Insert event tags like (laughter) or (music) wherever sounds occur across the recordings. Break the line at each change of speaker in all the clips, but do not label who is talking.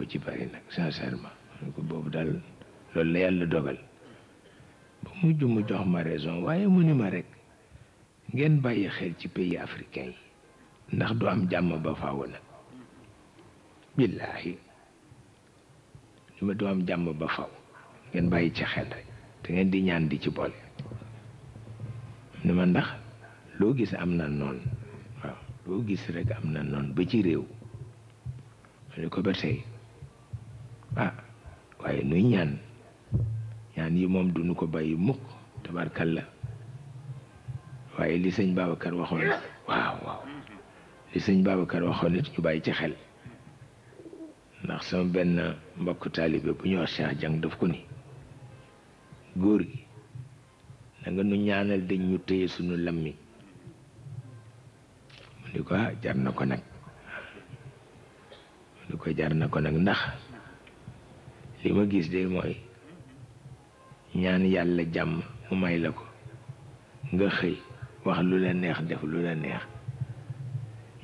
ko ci bari nag sincèrement man boobu daal loolu la yàlla dogal ba mujj mu jox ma raison waaye mu ni ma rek ngeen bàyyi xel ci pays africain yi ndax du am jàmm ba faaw nag billaahi li ma du am jàmm ba faw ngeen bàyyi ci xel te ngeen di ñaan di ci boole ni ma ndax loo gis am na noonu waaw loo gis rek am na noon ba ci réew ma ko ba tey ah waaye nuy ñaan ñaan yi moom duñu ko bàyyi mukk la waaye li sëñ Babacar waxoon waaw sëñ Babacar waxoon ñu bàyyi ci xel ndax sama benn mbokk taalibe bu ñuy wax Cheikh Jang daf ko ni góor gi na nga nu ñaanal dañ ñu téye suñu lammi mu ni ko ah, jar na ko nag mu ni ko jar na ko nag ndax li ma gis de mooy ñaan yàlla jàmm mu may la ko nga xëy wax lu la neex def lu la neex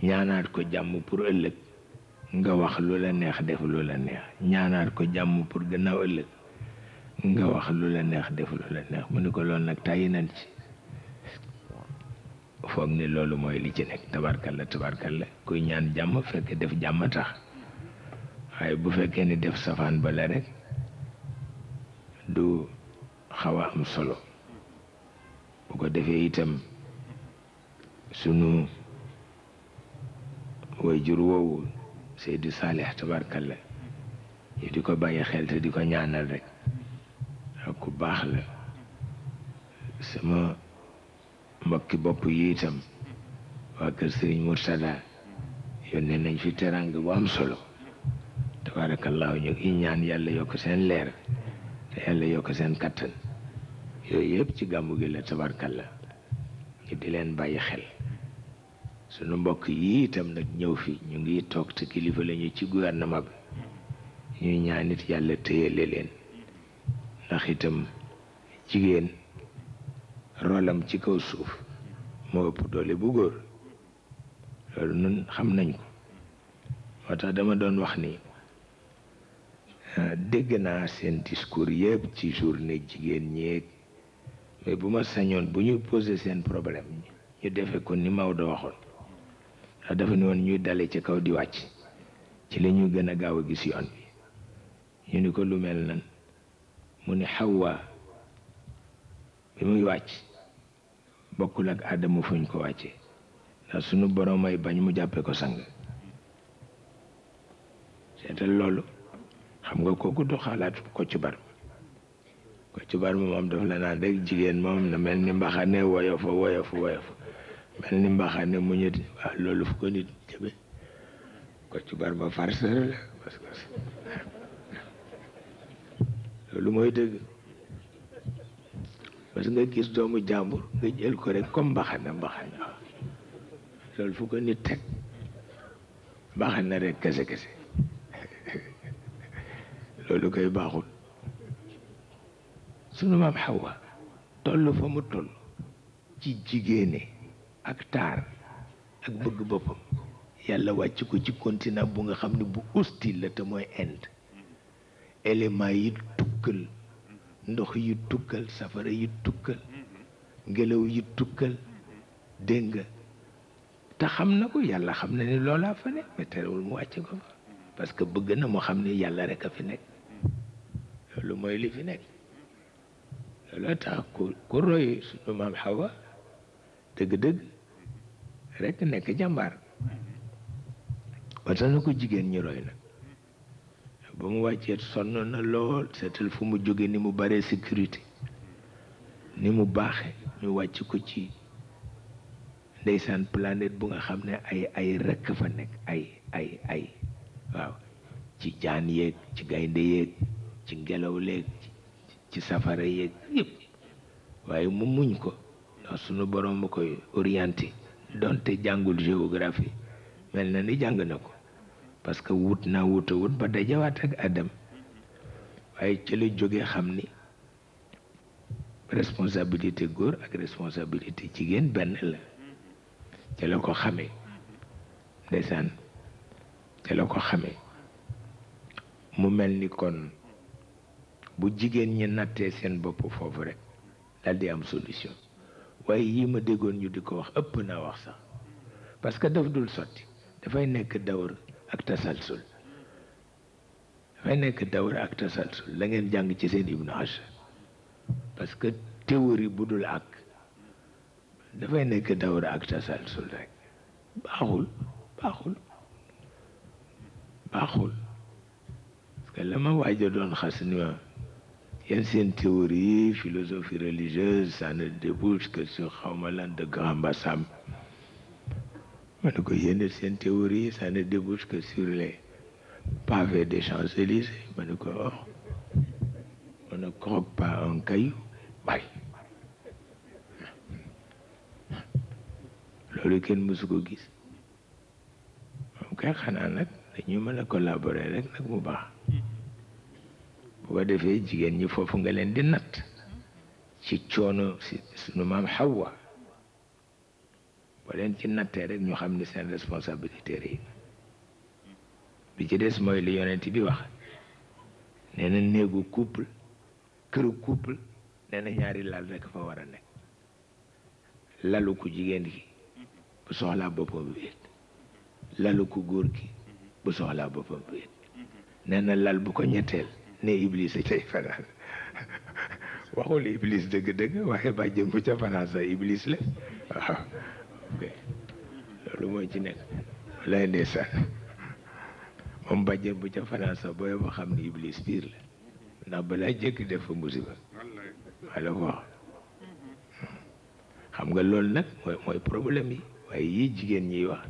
ñaanaat ko jàmm pour ëllëg nga wax lu la neex def lu la neex ñaanaat ko jàmm pour gannaaw nga wax lu la neex def la neex mu ne ko loolu nag tàyyi nan ci foog ne loolu mooy li ci nekk tabarkal la tabarkalla la kuy ñaan jàmm fekk def jàmm tax waaye bu fekkee ni def safaan ba la rek du xaw a am solo bu ko defee itam sunu way jur woowu Seydou Saleh tabarkalla ñu di ko bàyyi di ko ñaanal rek ak baax la sama mbokki bopp yi itam waa kër Serigne Murtada yónnee nañ fi teranga bu am solo tabarakallahu ñu ngi ñaan yàlla yokk seen leer yàlla yokk seen kattan yooyu yëpp ci gàmmu gi la tabarkalla ñu di leen bàyyi xel sunu mbokk yi itam nag ñëw fi ñu ngi toog te kilifa lañu ci gouvernement mag ñuy ñaanit yàlla téyele leen ndax itam jigéen rolam ci kaw suuf moo ëpp doole bu góor loolu nun xam nañ ko moo tax dama doon wax nii Euh, dégg naa seen discours yëpp ci journée jigéen ñeeg mais bu ma sañoon bu ñu posé seen problème ñu defe ko ni Maodo waxoon ndax dafa ne woon ñuy dale ci kaw di wàcc ci la ñuy gën a gaaw a gis yoon bi ñu ni ko lu mel nan mu ni Hawa bi muy wàcc bokkul ak Adama fu ñu ko wàcce ndax sunu boromay bañ mu jàppee ko sang seetal loolu xam nga kooku du xalaat ko ci bar ko ci bar moom daf la naan rek jigéen moom na mel ni mbaxane woyofu woyofu woyofu mel ni mbaxane mu ñit waaw loolu nit jëme ko ci bar ba farceur la parce que loolu mooy nga gis doomu jàmbur nga jël ko rek comme mbaxane mbaxane waaw loolu nit teg mbaxane rek kese kese loolu koy baaxul sunu maam Hawa toll fa mu toll ci jigéene ak taar ak bëgg boppam yàlla wàcc ko ci continent bu nga xam ni bu hostile la te mooy Inde élément yi tukkal ndox yi tukkal safara yi tukkal ngelaw yi tukkal dégg nga te xam na ko yàlla xam na ni loolaa fa nekk mais terewul mu wàcc ko fa parce que bëgg na mu xam ne yàlla rek a fi nekk loolu mooy li fi nekk looloo tax ku ku roy sunu maam Xawa dëgg-dëgg rek nekk jàmbar wata ko jigéen ñi roy nag ba mu wàccee sonn na lool seetal fu mu jóge ni mu baree sécurité ni mu baaxe ñu wàcc ko ci ndeysaan planète bu nga xam ne ay ay rekk fa nekk ay ay ay waaw ci jaan yéeg ci gaynde yéeg ci ngelaw leeg ci safara yeeg yëpp waaye mu muñ ko ndax sunu borom ma koy orienté doonte jàngul géographie mel na ni jàng na ko parce que wut naa wuta wut ba dajawaat ak Adam waaye ci la jóge xam ni responsabilité góor ak responsabilité jigéen benn la ci la ko xamee ndeysaan ci la ko xamee mu mel ni kon bu jigéen ñi nattee seen bopp foofu rek daal di am solution waaye yi ma déggoon ñu di ko wax ëpp wax parce que daf dul sotti dafay nekk ak tasalsul nekk ak tasalsul la ngeen ci seen parce que théorie bu dul ak dafay nekk Vous ak tasalsul rek baaxul parce que la ma il y a une théorie, philosophie religieuse, ça ne débouche que sur Khaumalan de Grand Bassam. une théorie, ça ne débouche que sur les pavés des Champs-Élysées. On ne croque pas un caillou. Bye. loolu kenn mësu ko gis moom kay xanaa nag mën a collaborer rek nag mu bu defee jigéen ñi foofu nga leen di natt ci coono si sunu maam xawwa boo leen ci nattee rek ñu xam ni seen responsabilité rëy bi ci des mooy li yonent bi wax nee na néegu couple këru couple nee na ñaari lal rek fa war a nekk lalu ku jigéen gi bu soxlaa boppam wéet lalu ku góor gi bu soxlaa boppam wéet nee na lal bu ko ñetteel ne Iblis tey fanaan waxul Iblis dëgg-dëgg waaye bàjjen bu ca fanaan sax Iblis la waaw loolu mooy ci nekk lay ndeysaan moom bàjjen bu ca fanaan sax booy ba xam ne Iblis piir la ndax balaa jëkk def fa musiba xam nga loolu nag mooy problème yi waaye yii jigéen ñiy wax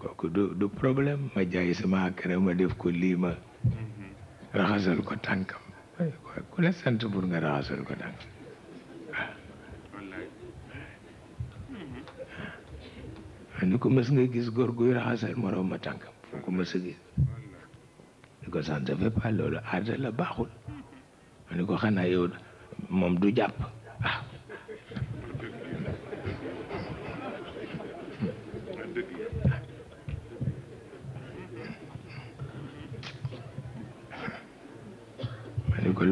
kooku du du problème ma jaay sama akara ma def ko lii ma raxasal ko tànkam ku la sant pour nga raxasal ko tànkam ah. nu ko mës nga gis góor guy raxasal moroom ma tànkam foo ko gis ni ko sant fait pas loolu aada la baaxul ma ko xanaa yow moom du jàpp ah.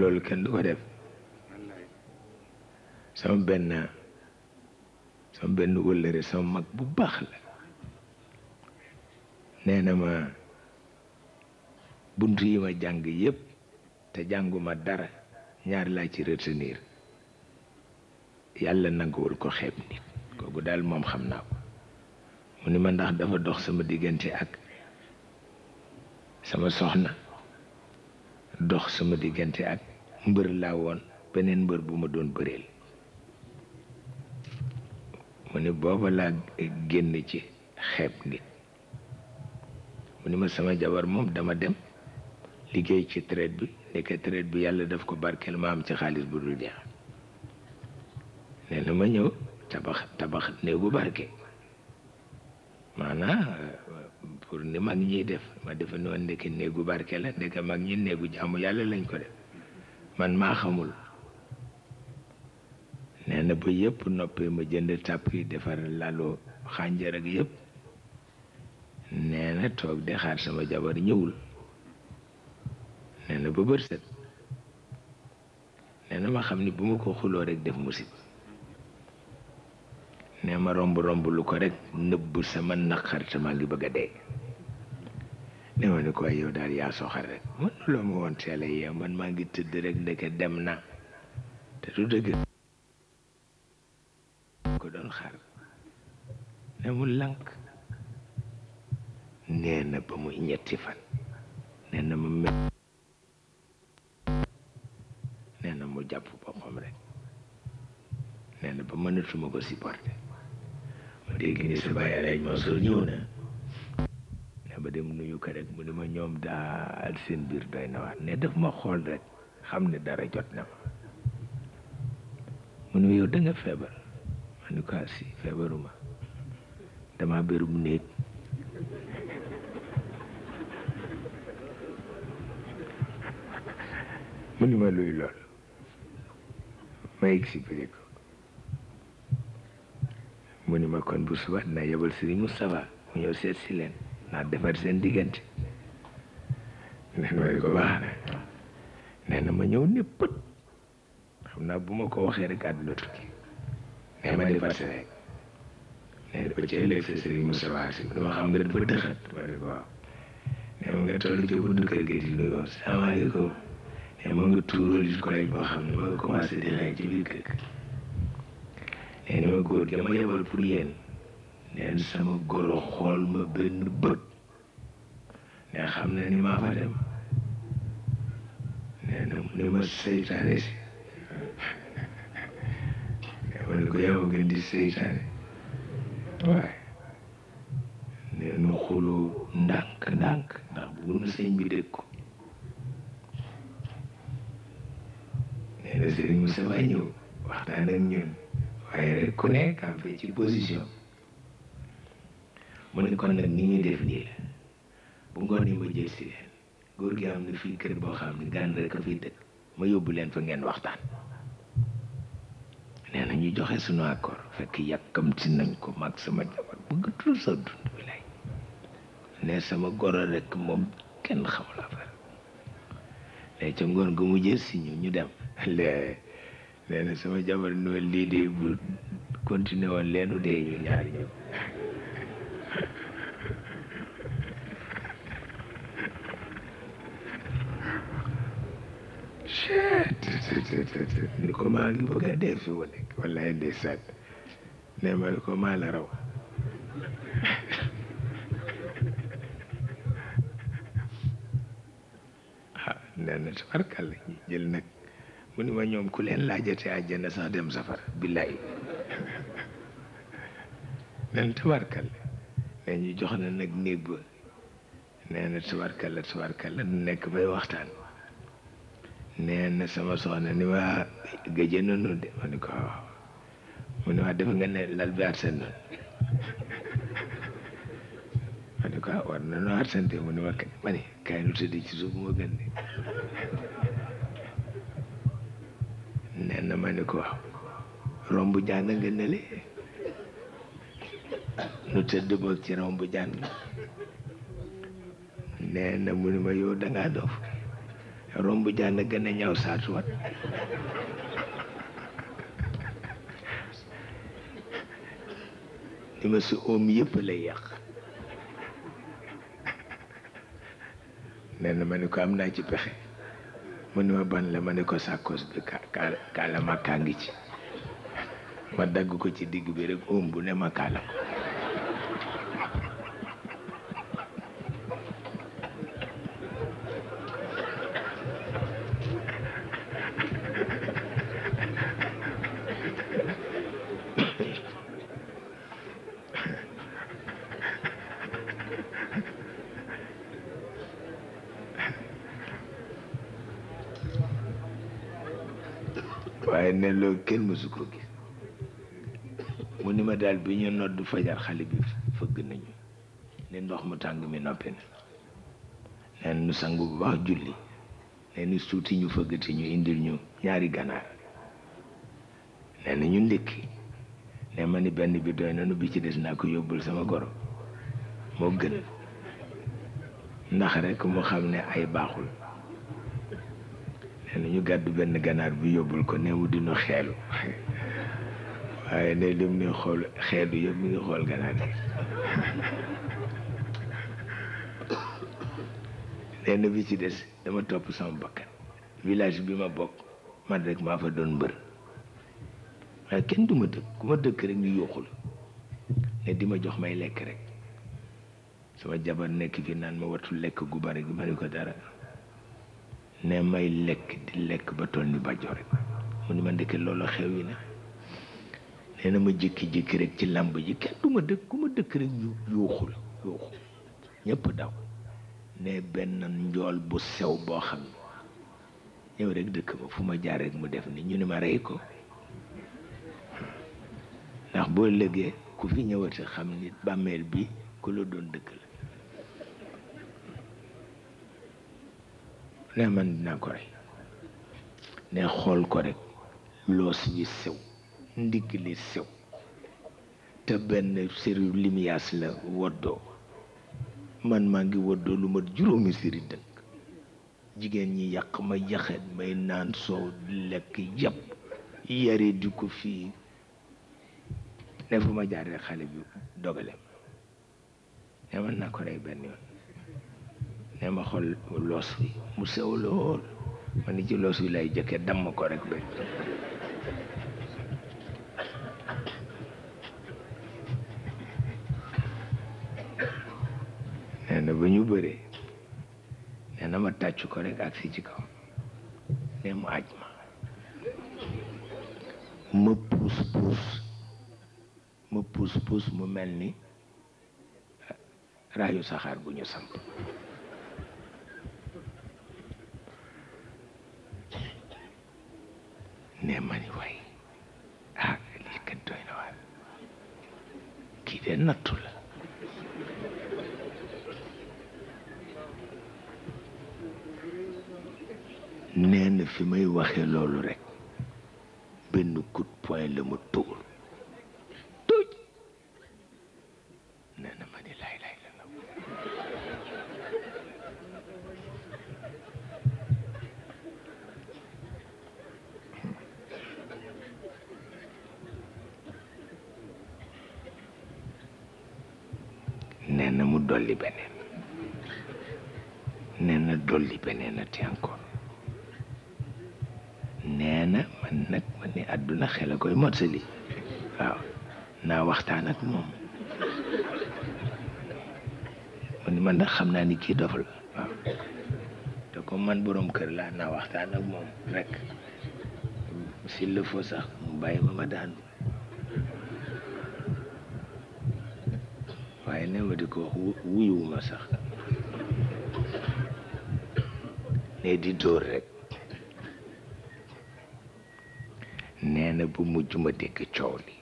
loolu kenn du ko def sama benn sama benn wëllëre sama mag bu baax la nee na ma bunt yi ma jàng yépp te jànguma dara ñaar laa ci retenir yàlla nanguwul ko xeeb nit kooku daal moom xam naa ko mu ni ma ndax dafa dox sama diggante ak sama soxna dox sama diggante ak mbër laa woon beneen mbër bu ma doon bëreel mu ne booba laa génn ci xeeb nit mu ne ma sama jabar moom dama dem liggéey ci traite bi nekk traite bi yàlla daf ko barkeel ma am ci xaalis bu dul jeex nee na ma ñëw tabax tabax néegu barke maanaam pour ni mag ñiy def ma defe noonu ndeke néegu barke la ndeke mag ñi néegu jàmm yàlla lañ ko def man maa xamul nee na ba yépp noppee ma jënd tàpp yi defar lalu xànjar yépp yëpp toog di xaar sama jabar ñëwul nee na ba bër set nee na ma xam ni bu ma ko xuloo rek def musiba ne ma romb romb lu ko rekk nëbb sama naqar te maa ngi bëgg a dee ne ma ni ko yow daal yaa soxal rek mën ma woon teel a yeew man maa ngi tëdd rek ndeke dem na te du dëgg ko doon xar ne mu lank nee ba muy ñetti fan nee na mu mel nee na mu jàpp boppam rek nee ba mënatuma ko supporter mu dégg ni sa bàyyi Alaaji Mansour ñëw na dem nuyu ko rek mu ne ma ñom daal seen bir doy na wax ne def ma xol rek xamne dara jot na mu ne yow da nga febar man ko ah, si febaruma dama bërum néeg (laughs) mu ne ma luy lol ma expliqué ko mu ma kon bu suba na yebal sëriñ Moustapha mu ñëw seet si naa defar seen diggante ne mooy ko baax na ma ñëw ne pët na bu ma ko waxee rek àdduna tukki nee ma defar si rek nee dafa ma ne ko waaw nee ma di nuyoo salaamaaleykum nee ma nga ko rek boo ma di xëy ci biir kër ma góor gi ma yebal pour yéen ne xam na ni maa fa dem nee na mu ne ma seytaane si ne (laughs) ma ne ko yaa ma gën di seytaane waaye nee nu xuloo ndànk ndànk ndax bu nu sëñ bi dégg ko nee na sëriñ mu sama ñëw waxtaan ak ñun waaye ku nekk am fee ci position mu ne kon nag ni ñuy bu ngoonee ma jël si leen góor gi xam na fii kër boo xam ne gan rek a fiy dëkk ma yóbbu leen fa ngeen waxtaan nee na ñu joxe sunu accord fekk yàkkamti nañ ko mag sama jabar bëgg tul sama goro rek kenn xamul affaire lay ca ngoon ga mu jël si ñu ñu dem lee sama jabar noonu lii de bu continué woon leenu dee ñu ñaari
ñëw ni
ko maa ngi bëgg a dee fi mu nekk wallaay ndeysaan ne ma ni ko maa la raw ah nee na tabarkàlla jël nag mu ni ma ñoom ku leen laajate àjjana sax dem safara billaay nee na tabarkàlla nee ñu jox na nag néeg ba nee na tabarkàlla tabarkàlla nekk bay waxtaan nee na sama soxna ni ma gëjë nonu de ma ni ko (laughs) ah, waaw ci suuf moo gën de (laughs) ma ni ko waaw romb jaan nga ne le nu tëdd boog ci romb jaan nee na mu ne ma yow dangaa doof romb jaan gën a ñaw saatuwat li ma si oom yëpp lay yàq nee na ma ne ko am naa ci pexe mu ne ma ban la ma ne ko sàkkoos bi kaala kaala ngi ci ma dagg ko ci digg bi rek oom bu ne ma kaala ko ma sukkur gi mu ni ma daal bi ñu nodd fajar xale bi fëgg nañu ne ndox mu tàng mi noppi na neen nu sangu bu baax julli nee suuti ñu fëgg fëggati ñu indil ñu ñaari ganaar nee na ñu ndékki ne ma ni benn bi doy nanu bi ci des naa ko yóbbul sama goro moo gën ndax rekk mu xam ne ay baaxul nee na ñu gàddu benn ganaar bi yóbbul ko ne mu dinu xeelu waaye ndey dum ni xool xeetu yëpp mu ngi xool ganaar gi lenn bi ci des dama topp sama bakkan village bi ma bokk man rek maa fa doon mbër waaye kenn du ma dëkk ku ma dëkk rek ñu yuuxul ne di ma jox may lekk rek sama jabar nekk fi naan ma watul lekk gu bari gu bari ko dara ne may lekk di lekk ba toll ni bàjjo rek mu ni ma ndeke loolu xew yi na nee na ma jikki jékki rek ci làmb ji kenn du ma dëkk ku ma dëkk rek yu yuuxul yuuxu ñëpp daw ne benn njool bu sew boo xam ne ñëw rek dëkk ma fu ma jaar rek mu def ni ñu ni ma rey ko ndax boo lëgee ku fi ñëwati xam nit bàmmeel bi ku la doon dëkk la ne man dinaa ko rey ne xool ko rekk loos bi sew ndigg li sew te benn sëriñ limiyaas la woddoo man maa ngi woddoo lu mat juróomi sëriñ dëkk jigéen ñi yàq ma jaxet may naan soow lekk yàpp yare di ko fii ne fu ma jaaree xale bi dogalem ne man naa ko rey benn yoon ne ma xool loos wi mu sew lool ma ni ci loos wi lay jëkke damm ko rek benn na ba ñu bëree nee na ma tàccu ko rek ak si ci kaw ne mu aj ma ma puus puus ma puus puus mu mel ni ah, raayu saxaar bu ñu samp ne ma
ni way ah lii kat doy
na waar kii de nattu la fi may waxee loolu rek benn coup de poing la ma tuur tuuj
nee na ma ni lay
la na mu dolli beneen la koy mottali waaw naa waxtaan ak moom mu ni man nag xam naa ni kii dof la waaw te comme man boroom kër laa naa waxtaan ak moom rek s'il le faut sax mu bàyyi ma ma daanu waaye ne ma di ko wuyuwuma sax ne di dóor rek bu mujj ma dégg coow li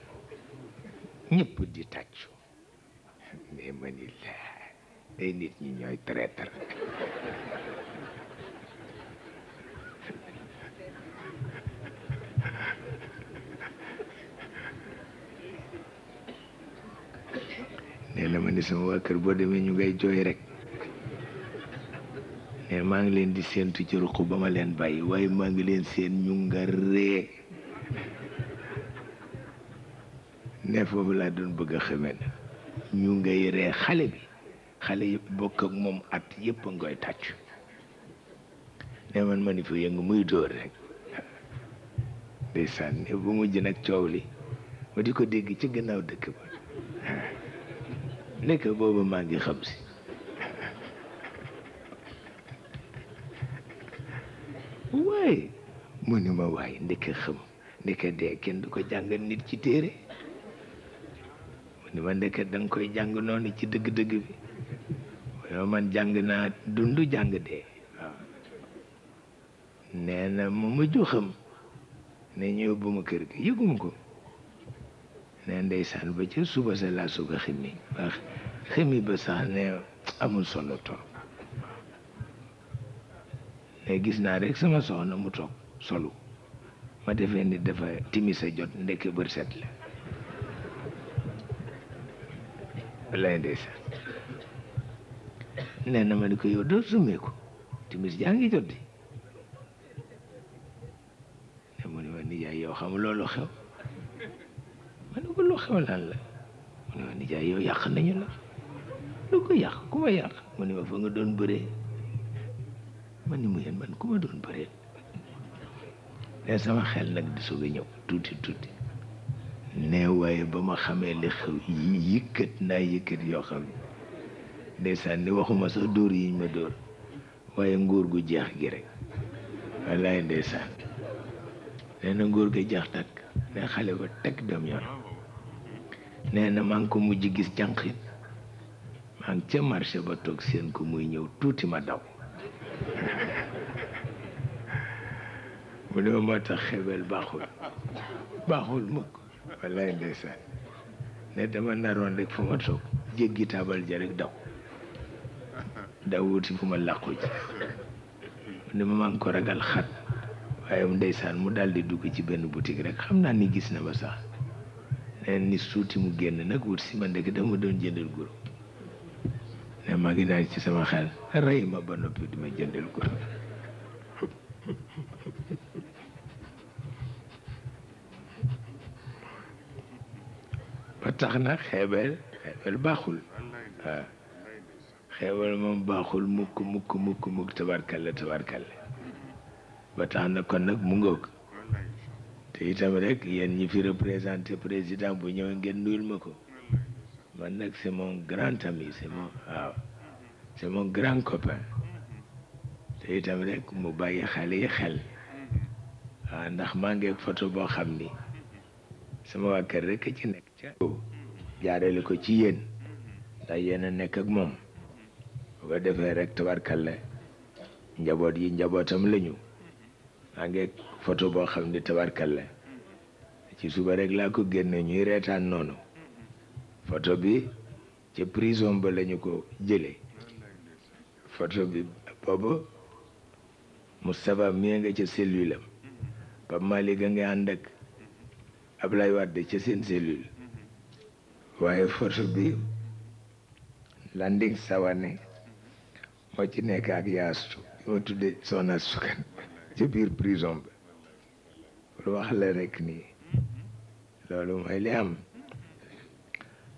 ñëpp di tàccu mais ma ni ay nit ñi ñooy traître nee na tujuh sama waa kër boo demee ñu ngay rek ngi di ci ngi ne foofu laa doon bëgg a xamee na ñu ngay ree xale bi xale yëpp bokk ak moom at yëpp a ngoy tàcc ne man ma fa yëngu muy dóor rek ndeysaan ne bu mujj nag coow li ma di ko dégg ci gannaaw dëkk ba nekk booba maa ngi xam si waaye mu ni ma waaye ndekk xam ndekk dee kenn du ko jàngal nit ci téere ni ma ndeket danga koy jàng noonu ci dëgg-dëgg bi yow man jàng naa dund jàng dee waaw mu mujj xam ne ñëw bu ma kër gi yëguma ko ne ndeysaan ba ca suba sa laa suga ximi wax ximi ba sax ne amul solo toog ne gis naa rek sama soxna mu toog solu ma defee ni dafa timisa jot ndekke bër set la wallaay ndeysaan nee na ma ni ko yow doo timis jaa ngi jot di ne mu ne ma nijaay yow xam loolu xew ma ne ko lu xew lan la mu ne ma nijaay yow yàq nañu la
lu ko yàq ku ma
mu ne ma fa nga doon bëree man ni mu man ku doon bëree ne sama xel nag di soog ñëw tuuti tuuti ne waaye ba ma xamee li xew yëkkat naa yëkkat yoo xam ne ndeysaan waxuma sax dóor yiñ ma dóor waaye nguur gu jeex gi rekk wallaay ndeysaan nee na nguur gi jeex takk ne xale ba teg dem yoon nee na maa ko mujj gis jànqit maa ngi ca marché ba toog seen ko muy ñëw tuuti ma daw (laughs) mu ne moo tax xebel baaxul baaxul mukk wallaay ndeysaan ne dama naroon rek fu ma toog jéggi taabal ja rek daw daw wuti fu ma làqu ji ne ma maa ngi ko ragal xat waaye ndeysaan mu daal di dugg ci benn boutique rek xam naa ni gis na ma sax neen ni suuti mu génn nag wut si ma ndekk dama doon jëndal guro ne maa ngi daal ci sama xel rey ma ba noppi di ma jëndal guro ba tax na xeebeel xeebeel baaxul waaw xeebeel moom baaxul mukk mukk mukk mukk tabarkalla tabarkalla ba tax na kon nag mu ngoog te itam rek yéen ñi fi représenté président bu ñëwee ngeen nuyul ma ko man nag c'est mon grand ami c'est mon waaw c'est mon grand copain te itam rek mu bàyyi xale yi xel waaw ndax maa ngi photo boo xam ni sama waa kër rek ci nekk. jaarale ko ci yéen ndax yéen a nekk ak moom bu ko defee rek tabarkalla njaboot yi njabootam lañu maa ngi photo boo xam ni tabarkalla ci suba rekk laa ko génne ñuy reetaan noonu photo bi ci prison ba lañu ko jële photo bi boobu Moustapha mii nga ca cellule am Pape Malick a nga ànd ak Ablaye Wade ca seen cellule wife for Subiu, landing Savane, Machineka asked go to the Sona Sukan, Jibir prison. Ruahle Rekni, Lolo Maliam,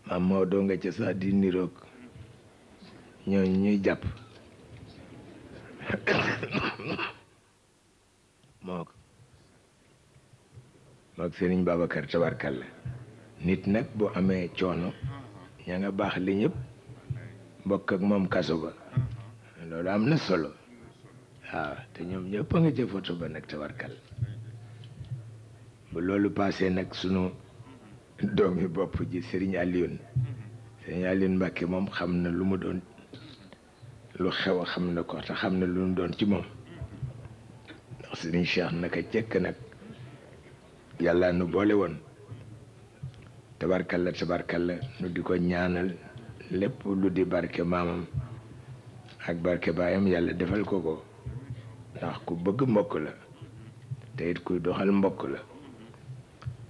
Mamma Donga Chesa Dinirok, Nyon Jap. Mok. Mok Serin Babakar Tabarkalla. nit nag bu amee coono mm-hmm. ña nga baax li ñëpp bokk ak moom kaso ba mm-hmm. loolu am na solo waaw te ñoom ñëpp a nga jëfoto ba nag tabarkal bu loolu paasee nag sunu doomi bopp ji Serigne Alioune mm-hmm. Serigne moom xam na lu mu doon lu xew a xam na ko te xam na lu mu doon ci moom ndax Serigne Cheikh naka jekk nag yàlla nu boole woon la tabarkalla la nu di ko ñaanal lépp lu di barke maamam ak barke baayam yàlla defal ko ko ndax ku bëgg mbokk la te it kuy doxal mbokk la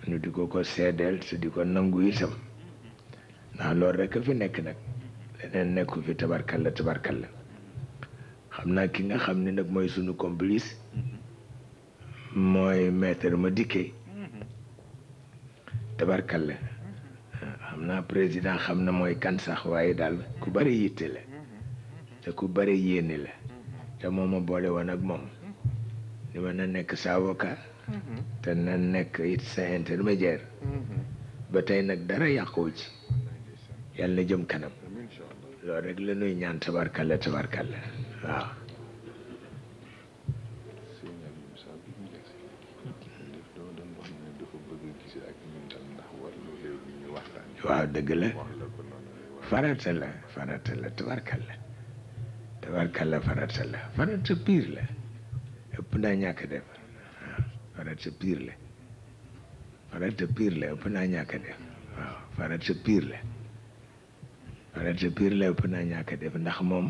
nu di ko ko seedeel su di ko nangu itam ndax loolu rek a fi nekk nag leneen nekku fi tabarkalla la xam naa ki nga xam ni nag mooy sunu complice mooy maître ma dikkee mm-hmm. tabarkalla xam naa président xam na mooy kan sax waaye daal ku bari yitte la te ku bari yéene la te moo ma boole woon ak moom li ma na nekk sa avocat te na nekk it sa intermédiaire ba tey nag dara yàquwu ci yàlla na jëm kanam loolu rek la nuy ñaan tabarkalla tabarkalla waaw waaw dëgg la farata la farata la tabarkalla la farata piir la ëpp naa ñàkk def farata piir la farata piir la ëpp naa ñàkk def farata piir la farata piir la ëpp naa ñàkk def ndax moom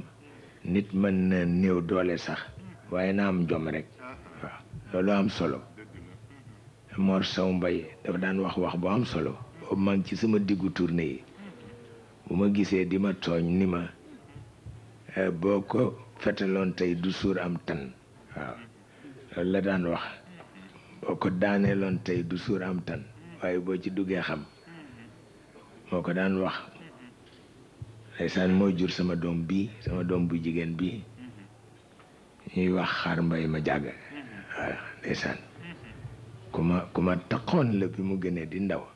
nit mën na néew doole sax waaye na am jom rek waaw loolu am solo Mor Sow Mbaye dafa daan wax wax bu am solo boobu maa ci sama diggu tournée yi bu ma gisee di ma tooñ ni ma eh, boo ko fetaloon tey du suur am tan la daan wax boo ko tey du suur waaye boo ci duggee xam moo ko daan wax ndeysaan moo jur sama doom bii sama doom bu jigéen bi ñuy wax xaar mbay ma jàgg waaw ndeysaan ku ma ku ma taqoon la bi mu gënee di ndaw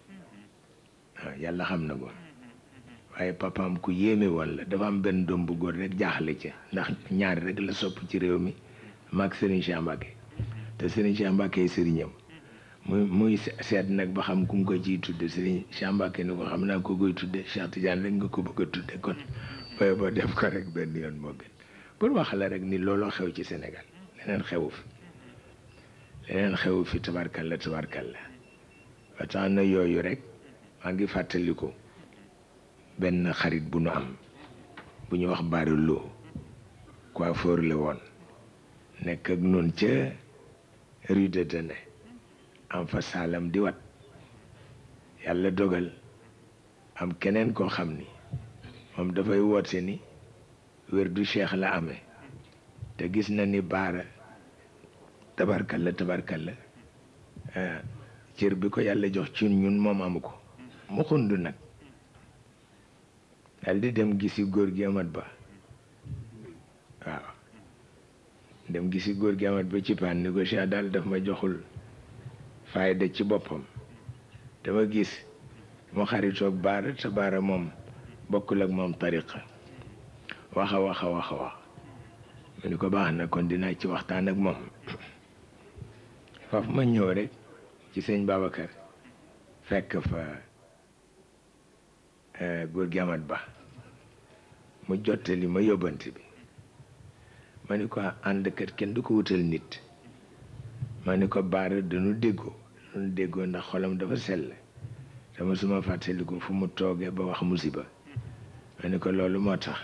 Ah, yàlla xam na ko waaye papaam ku yéeme woon la dafa am benn doom bu góor rek jaaxale ca ndax ñaari rek la sopp ci réew mi maag Serigne Cheikh te Serigne Cheikh Mbacke sëriñam muy muy seet nag ba xam ku mu ko ciy tudde Serigne Cheikh Mbacke ni ko xam naa ko koy tudde Cheikh Tidiane rek nga ko bëgg a tudde kon booy boo def ko rek benn yoon moo gën pour wax la rek ni looloo xew ci Sénégal leneen xewu fi leneen xewu fi tabarkalla tabarkalla ba tax na yooyu rek maa ngi fàttaliku benn xarit bu nu am bu ñu wax baara loo coiffeur la woon nekk ak noonu ca rue de Dene am fa saalam di wat yàlla dogal am keneen koo xam ni moom dafay woote ni wér du cheikh la amee te gis na ni baara tabarkal la tabarkal la eh, cër bi ko yàlla jox ci ñun moom amu ko mu xund nag dal di dem gisi góor gi amat ba waaw dem gisi góor gi amat ba ci paan ni ko si daal daf ma joxul fayda ci boppam dama gis mu xaritoog baara te baara moom bokkul ak moom tariqa wax a wax a wax mu ni ko baax na kon dina ci waxtaan ak moom foofu ma ñëw rek ci seen Babacar fekk fa góor eh, gi amat ba mu jottali ma yóbbante bi ma ni ko ànd kenn du ko wutal nit ma ni ko baara dañu déggoo dañu déggoo ndax xolam dafa sell dama suma fàttaliku fu mu toogee ba wax musiba ma ni ko loolu moo tax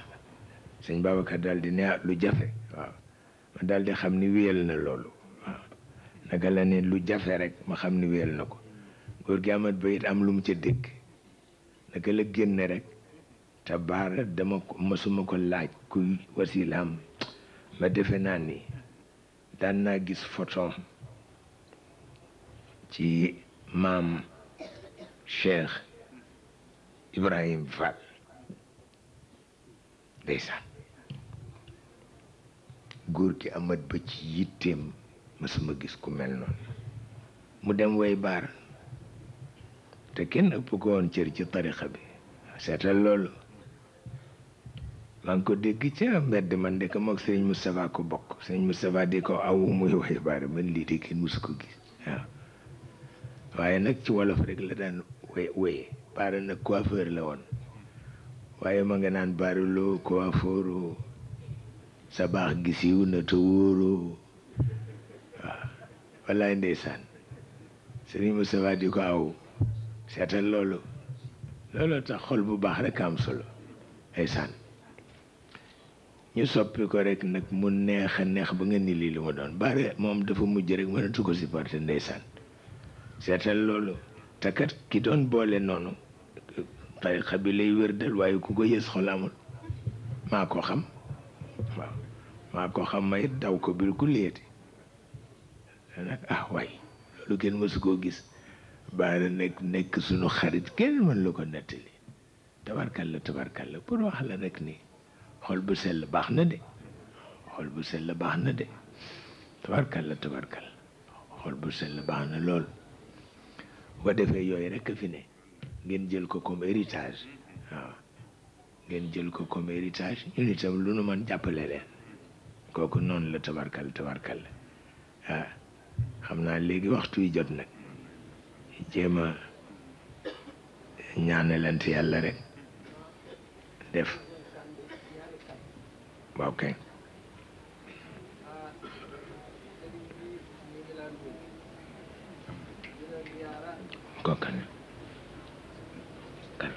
sëñ Babacar dal di ne ah, lu jafe waaw ma daal di xam ni wéyal na loolu waaw naka la ne lu jafe rek ma xam ni wéyal na ko góor gi amat ba it am lu mu ca dégg daka la génne rek te baara dama ko mësuma ko laaj kuy wasilaam ma defe naa ni daan naa gis photon ci maam Cheikh Ibrahim Fall ndeysaan góor ki amat ba ci yitteem mësuma gis ku mel noonu mu dem way baara te kenn ëpp ko woon cër ci tarixa bi seetal loolu maa ngi ko dégg ca mbedd man de ko moog sëñ Moustapha ko bokk sëñ Moustapha di ko aw muy waxe baare man lii de kenn mosu ko gis waaw waaye nag ci wolof rek la daan wéy wéy baare nag coiffeur la woon waaye ma nga naan baariloo coiffeur sa baax gi siiw na te wóoru waaw wallaay ndeysaan sëriñ Moustapha di ko aw seetal loolu looloo tax xol bu baax rek am solo ay sànn ñu soppi ko rek nag mu neexa neex ba nga ni lii li ma doon bare moom dafa mujj rek mënatu ko supporter ndeysaan seetal loolu te kat ki doon boole noonu tarixa bi lay wér dal waaye ku ko yës xol amul maa ko xam waaw maa ko xam may daw ko bil ku liyeeti nag ah waay loolu kenn mësu koo gis baara nekk nekk suñu xarit kenn mën la ko nettali tabarkalla la pour wax la rek nii xool bu sell baax na de xol bu sell baax na de tabarkalla tabarkalla xol bu sell baax na lool ba defee yooyu rek fi ne ngeen jël ko comme héritage waaw ngeen jël ko comme héritage ñun itam lu nu mën jàppale leen kooku noonu la tabarkalla tabarkalla ah xam naa léegi waxtu yi jot nag. jema a ñaanalante yalla rek def waaw kay kokane kan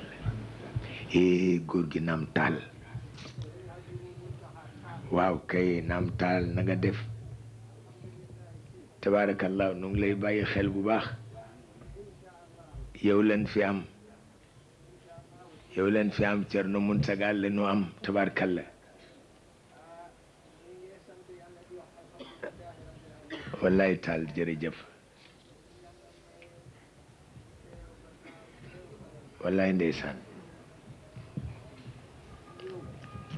e gor gi nam tal waaw kay nam tal na nga def tabarakallah nu ngi lay baye xel bu baax yow leen fi am yow leen fi am Cerno Muntaga la nu am tabarkalla wallaay taal jërëjëf wallaay ndeysaan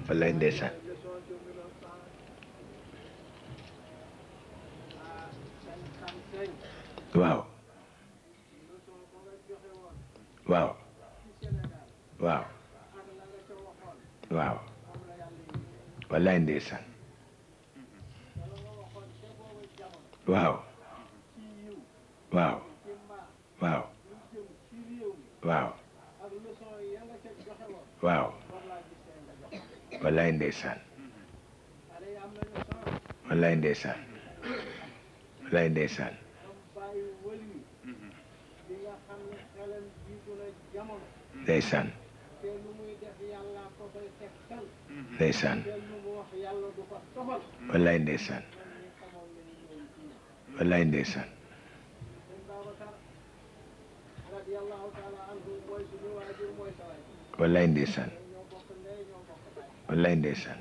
wallaay ndeysaan waaw waaw waaw wallaay ndeysaan waaw waaw waaw waaw waaw wallaay ndeysaan wallaay ndeysaan wallaay ndeysaan ndeysaan ndeysaan wallaay ndeysaan wallaay ndeysaan wallaay ndeysaan wallaay ndeysaan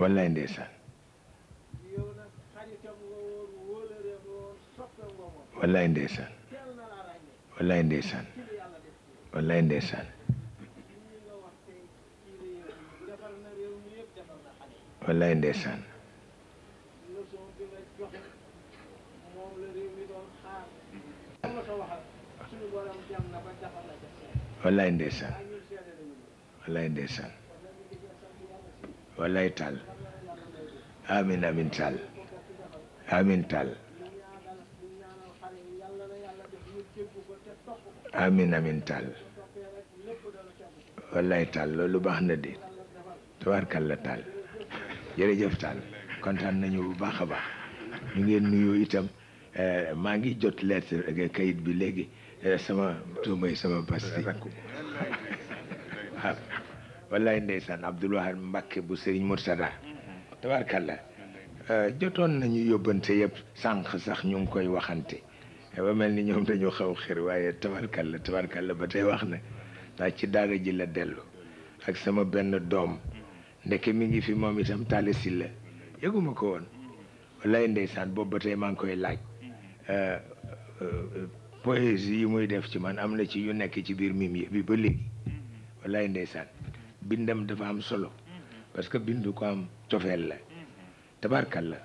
wallaay ndeysaan wallaay ndeysaan wallaay ndeysaan wallaay ndeysaan wallaay ndeysaan wallaay ndeysaan wallaay ndeysaan wallaay taal amin amin taal amin taal amin amin tàll wallaay tàll loolu baax na de tubaarkal la tàll jërëjëf tàll kontaan nañu bu baax a baax ñu ngeen nuyu itam eh, maa ngi jot lettre kayit bi léegi eh, sama tuumay sama basti waaw (laughs) ah, wallaay ndeysaan Abdoul Wahab Mbacke bu Serigne Moursada tabaarkal la eh, jotoon nañu yóbbante yëpp sànq sax ñu ngi koy waxante ba mel ni ñoom dañu xaw xir waaye tabarkalla la ba tey wax na ndax ci daara ji la dellu ak sama benn doom ndeke mi ngi fi moom itam taale si la yëguma ko woon wallaay ndeysaan boobu ba tey maa ngi koy laaj euh, euh, euh, poésie yi def ci man am ci yu nekk ci biir mim yi bi ba léegi wallaay ndeysaan dafa am solo parce que bindu ko am cofeel la tabarkalla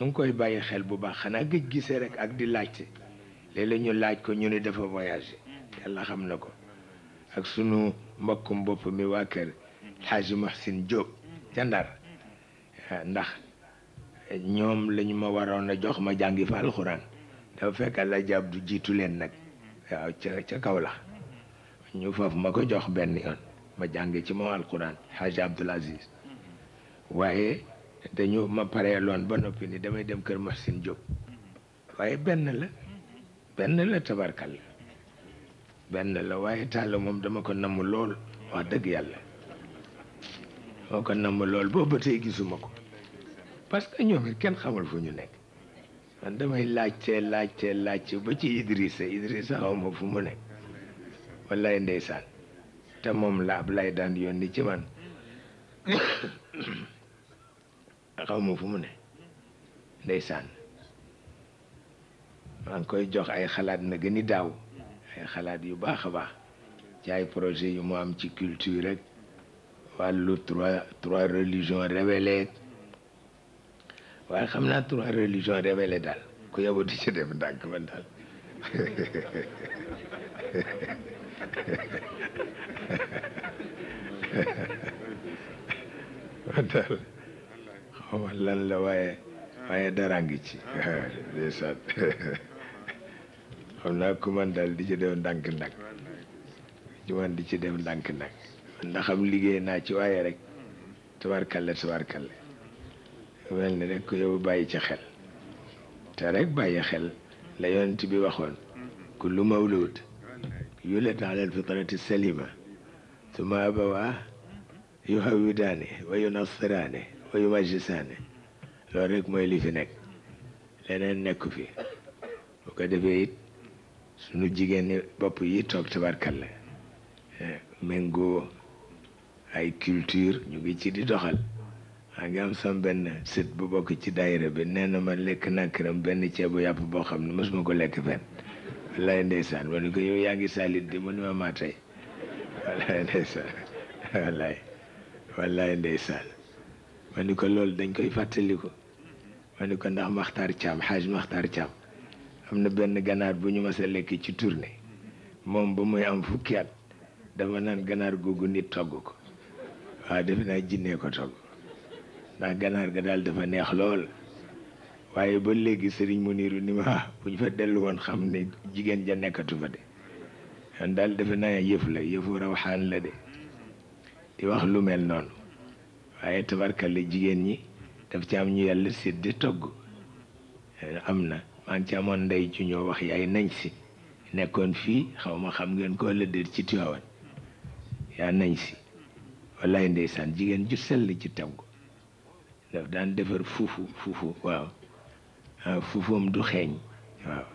nu ngi koy bàyyi xel bu baax xanaa gëj gise rek ak di laajte léeg-léeg laaj ko ñu ne dafa voyagé la xam na ko ak sunu mbokkum bopp mi waa kër Xaaji Maxsin Jóob ca eh, ndax ñoom lañu ma waroon a jox ma jàngi fa alxuraan dafa fekk Alaaji Abdu jiitu leen nag waaw ca kaw la ñu foofu ma ko jox benn yoon ma jàngi ci moom alxuraan Xaaji Abdul Aziz waaye dañu ma paree loon ba noppi ni damay dem kër Maxsin Jóob waaye benn la benn la tabarkal benn la waaye Talla moom dama ko namm lool wax dëgg yàlla moo ko namm lool boobu tey gisuma ko parce que ñoom kenn xamul fu ñu nekk man damay laajte laaj laajte ba ci Idrissa Idrissa xaw ma fu mu nekk wallaay ndeysaan te moom la Ablaye daan yónni ci man (coughs) (coughs) xaw ma fu mu ne ndeysaan maa ngi koy jox ay xalaat na gën i daaw ay xalaat yu baax a baax ci ay projet yu mu am ci culture rek wàllu trois trois religions révélées waaye xam naa trois religions révélées daal ku yow di ci def ndànk daal man (laughs) ma lan la waaye waaye dara ngi ci (laughs) (laughs) xam naa ku man di ci def ndànk ndànk ñu man di ci def ndànk ndànk man na xam liggéey naa ci waaye rek tabarkalle tabarkalle mel ne rek ku yow bàyyi ci xel te rek bàyyi xel la yonent bi waxoon kullu mawlud yulad ala alfitrati salima suma abawaa yuhawidaane wa yunasiraane wa yumajjisaane loolu rek mooy li fi nekk leneen nekku fi bu ko defee it sunu jigéen ñi bopp yi toog la eh, méngoo ay culture ñu ngi ci di doxal maa ngi am sam benn sët bu bokk ci daayira bi nee na ma lekk nàkkaram benn ceebu yàpp boo xam ne mosuma ko lekk fenn wallaay ndeysaan ma ngi salit di mu ni ma maa wallaay wallaay wallaay ndeysaan ma ni loolu dañ koy fàttaliku ma ni ndax maxtaar caam xaaj maxtaar caam am na benn ganaar bu ñu mas a lekk ci tournée moom ba muy am fukki at dama naan ganaar googu nit togg ko waaw defe naa jinnee ko togg ndax ganaar ga daal dafa neex lool waaye ba léegi sëriñ Muniru ni ma (laughs) bu ñu fa dellu woon xam ne jigéen ja nekkatu fa de kon daal defe naa yëf la yëfu rawxaan la de di wax lu mel noonu waaye tabarkal la jigéen ñi daf ci am ñu yàlla sédde togg eh, am na man ci amoon ndey ci ñoo wax yaay nañ si nekkoon fii xaw ma xam ngeen ko la ci Tiwaawan yaa nañ si wallaay ndeysaan jigéen ju sell ci togg daf daan defar fuufu fuufu waaw ah, fuufum du xeeñ waaw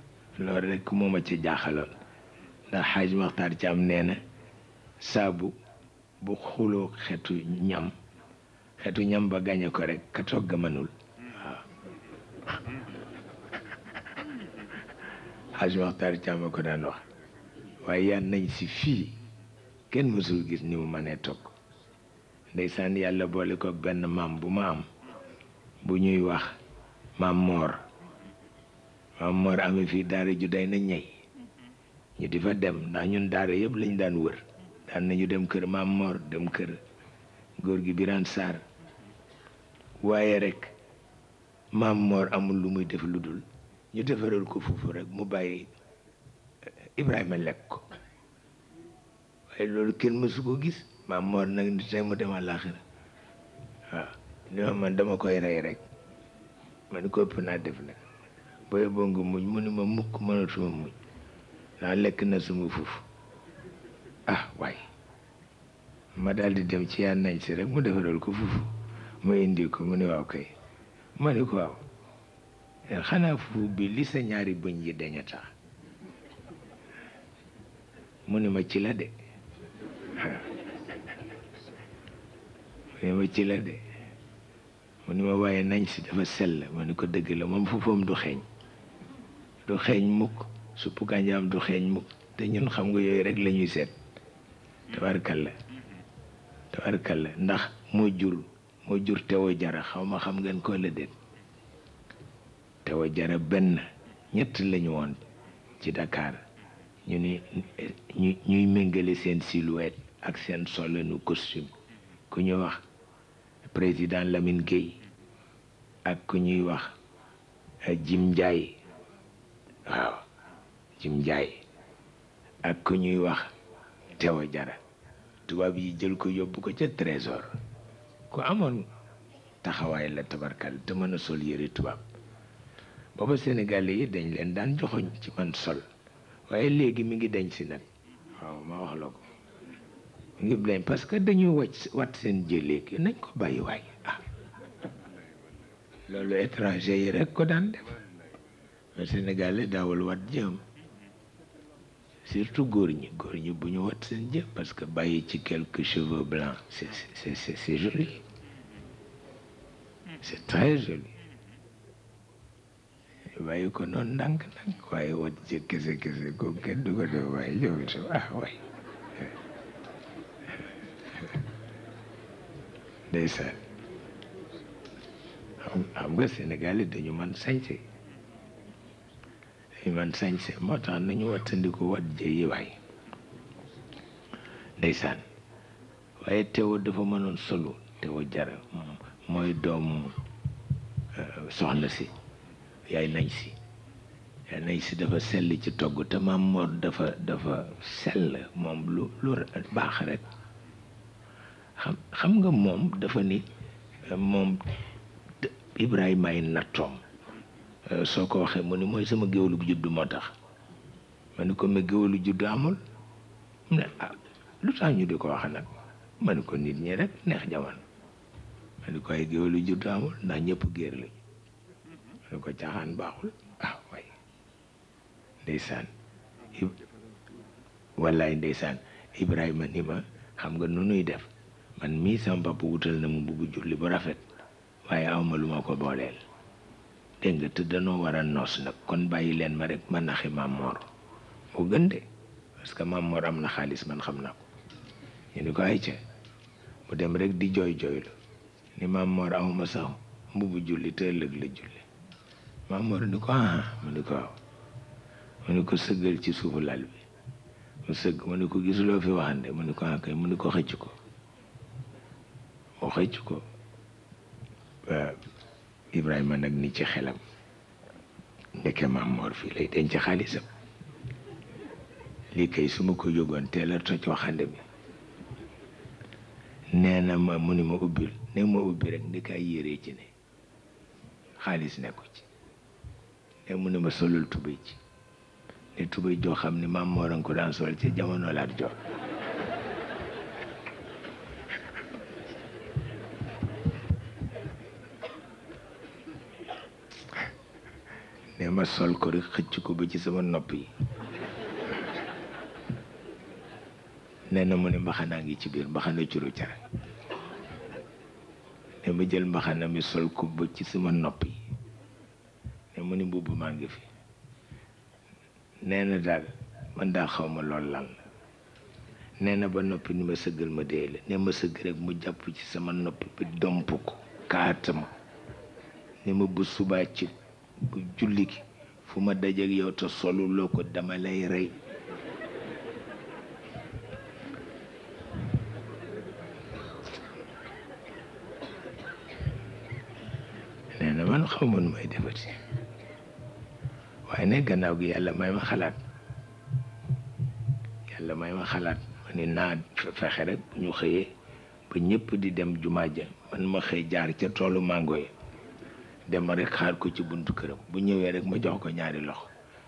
loolu rek moo ma ci jaaxaloon ndax xaaj Maxtaar ci am nee na saabu bu xuloo xetu ñam xetu ñam ba gañe ko rek ka togg mënul waaw xaj waxtaar caama ko daan wax waaye yaa nañ si fii kenn mësul gis ni mu mënee togg ndeysaan yàlla boole ko benn maam bu ma am bu ñuy wax maam moor fii daara ju day na ñu di dem ndax ñun daara yëpp lañ daan wër daan nañu dem kër maam góor gi Birane waaye rek maam moor amul lu muy def lu dul ñu defaral ko foofu rek mu bàyyi eh, Ibrahima lekk ko waaye loolu kenn mësu ko gis maam Mor nag ni tey mu dem àllaaxira waaw ni ma man dama koy rey rek ma ni ko ëpp naa def nag booy boo nga muñ mu ni ma mukk mënatuma muñ ndax lekk na suma foofu ah waaye ma dal di dem ci yaa nañ si rek mu defaral ko foofu mu indi ko mu ni waaw kay ma ni ko xanaa furu bi li sa ñaari bëñ yi daña tax mu ne ma ci la de mu ne ma ci waaye nañ si dafa sell ma ne ko dëgg la moom fufam du xeeñ du xeeñ mukk suppu kànjaam du xeeñ mukk te ñun xam nga yooyu rek lañuy seet tabarkalla tabarkalla ndax moo jur moo jur tewo jara xaw ma xam ngeen ko la te wajara benn ñett lañu woon ci Dakar ñu ni ñuy méngale seen silhouette ak seen solenu costume ku ñuy wax président Lamine Gueye ak ku ñuy wax euh, Jim njaay waaw Jim Ndiaye ak ku ñuy wax Tewa Jara tubaab yi jël ko yóbbu ko ca trésor ku amoon taxawaay la tabarkal te mën a sol yére tubaab booba sénégalais yi dañ leen daan joxoñ ci man sol waaye léegi mi ngi dañ si nag waaw ma wax la ko mu ngi dañ parce que dañu wacc wat seen jëleegi nañ ko bàyyi waay ah loolu étranger yi rek ko daan def mais sénégalais daawul wat jëm surtout góor ñi góor ñi bu ñu wat seen jëm parce que bàyyi ci quelque cheveux blancs c'est c'est c'est joli c'est très joli bàyyi ko noonu ndànk ndànk waaye wat ci kese kese ko kenn du ko def waaye joomi tam ah waay ndeysaan xam xam nga Sénégal yi dañu man sañse dañu man sañse moo tax nañu wattandiku wat jë yi waay ndeysaan waaye teewa dafa mënoon solo teewa jara mooy doomu euh, soxna si yaay nay si yaay nay ya, si dafa sell ci togg te maam Mor dafa dafa sell moom lu lu baax rek xam xam nga mom dafa ni eh, mom Ibrahima ay nattoom eh, soo ko waxee mu ni mooy sama géwlu juddu moo tax ma ni ko ma géwlu juddu amul mu ne ah lu tax ñu di ko wax nag ma ko nit ñi rek neex ma ko ay juddu amul lañ mu ko caaxaan baaxul ah way ndeysaan wallaay ndeysaan Ibrahima ni ma xam nga nu nuy def man mii sama papa wutal na mu mbubu julli bu rafet waaye awma lu ma ko booleel dégg nga war a noos nag kon bàyyi leen ma rek ma naxi maam Mor gën de parce que maam am na xaalis man xam naa ko ñu ni ko ay ca mu dem rek di jooy jooy la ni maam awma sax mbubu julli te ëllëg la julli Mamour ni ko ah mu ni ko sëggal ci suufu lal bi mu sëgg mu ni ko gisuloo fi waxande mu ni ko ah kay mu ni ko xëcc ko mu xëcc ko Ibrahima nag ni ci xelam ndeke Mamour fii lay denc xaalisam lii kay su ko yógoon teel a toj waxande bi nee na ma mu ni ma ubbil ne ma ubbi rek ndeke ay yére ci ne xaalis nekku ci e mu ne ma solul tubéy ci ne tubéy joo xam ne maam mooran ko daan sol ci jamono laat jox ne ma sol ko rek xëcc ko ci sama nopp yi nee na mu ne mbaxanaa ngi ci biir mbaxana curu cara ne ma jël mbaxana mi sol ko ci sama nopp yi mu ni mbubb maa ngi fi nee na daal man daa xaw ma lool lan la nee na ba noppi ni ma sëggal ma dee la ne ma sëgg rek mu jàpp ci sama noppi bi domp ko kaatama ni ma bu subaa ci bu julli gi fu ma dajeeg yow te soluloo ko dama lay rey nee na man xaw ma nu may ne gannaaw gi yàlla may ma xalaat yàlla may ma xalaat ma ni naa fexe rek bu ñu xëyee ba ñëpp di dem jumaa ja man ma xëy jaar ca toolu màngo yi dem rek xaar ko ci buntu këram bu ñëwee rek ma jox ko ñaari loxo